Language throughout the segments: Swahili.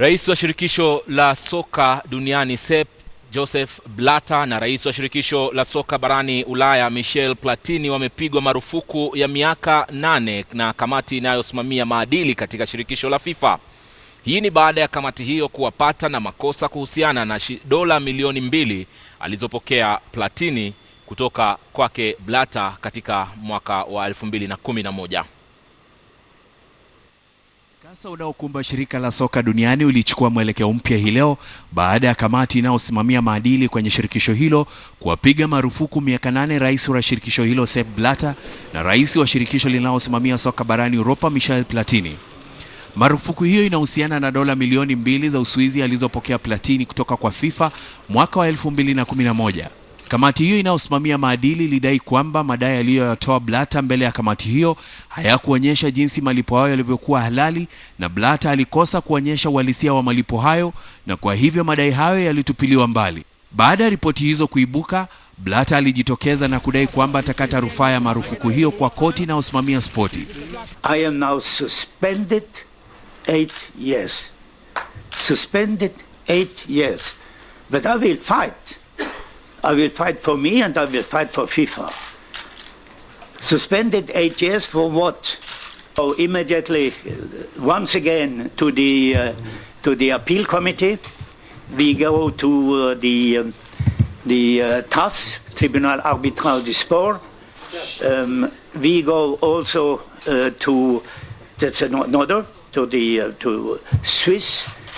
Rais wa shirikisho la soka duniani Sepp Joseph Blatter na rais wa shirikisho la soka barani Ulaya Michel Platini wamepigwa marufuku ya miaka nane na kamati inayosimamia maadili katika shirikisho la FIFA. Hii ni baada ya kamati hiyo kuwapata na makosa kuhusiana na dola milioni mbili alizopokea Platini kutoka kwake Blatter katika mwaka wa 2011. Mkasa unaokumba shirika la soka duniani ulichukua mwelekeo mpya hii leo baada ya kamati inayosimamia maadili kwenye shirikisho hilo kuwapiga marufuku miaka nane rais wa shirikisho hilo Sepp Blatter na rais wa shirikisho linalosimamia soka barani Europa Michel Platini. Marufuku hiyo inahusiana na dola milioni mbili za Uswizi alizopokea Platini kutoka kwa FIFA mwaka wa 2011. Kamati hiyo inayosimamia maadili ilidai kwamba madai aliyoyatoa blata mbele ya kamati hiyo hayakuonyesha jinsi malipo hayo yalivyokuwa halali na blata alikosa kuonyesha uhalisia wa malipo hayo na kwa hivyo madai hayo yalitupiliwa mbali. Baada ya ripoti hizo kuibuka, blata alijitokeza na kudai kwamba atakata rufaa ya marufuku hiyo kwa koti inayosimamia spoti. I am now suspended eight years. Suspended eight years. But I will fight. I will fight for me and I will fight for FIFA. Suspended eight years for what? So oh, immediately, once again, to the, uh, to the appeal committee, we go to uh, the, um, the uh, TAS, Tribunal Arbitral du Sport. Um, we go also uh, to, that's another, to the uh, to Swiss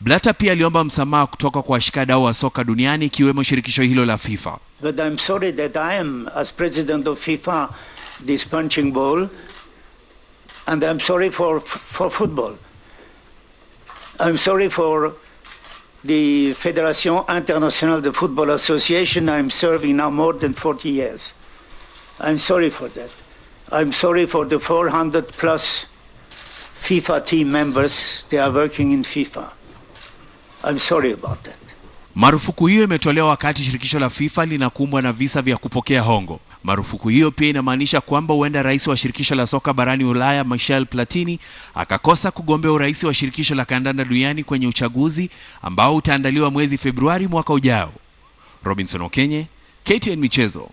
Blata pia aliomba msamaha kutoka kwa washikadau wa soka duniani ikiwemo shirikisho hilo la FIFA. But I'm sorry that I am as president of FIFA this punching ball and I'm sorry for for football. I'm sorry for the Federation Internationale de Football Association I'm serving now more than 40 years. I'm sorry for that. I'm sorry for the 400 plus FIFA team members they are working in FIFA. I'm sorry about that. Marufuku hiyo imetolewa wakati shirikisho la FIFA linakumbwa na visa vya kupokea hongo. Marufuku hiyo pia inamaanisha kwamba huenda rais wa shirikisho la soka barani Ulaya Michel Platini akakosa kugombea urais wa shirikisho la kandanda duniani kwenye uchaguzi ambao utaandaliwa mwezi Februari mwaka ujao. Robinson Okenye, KTN Michezo.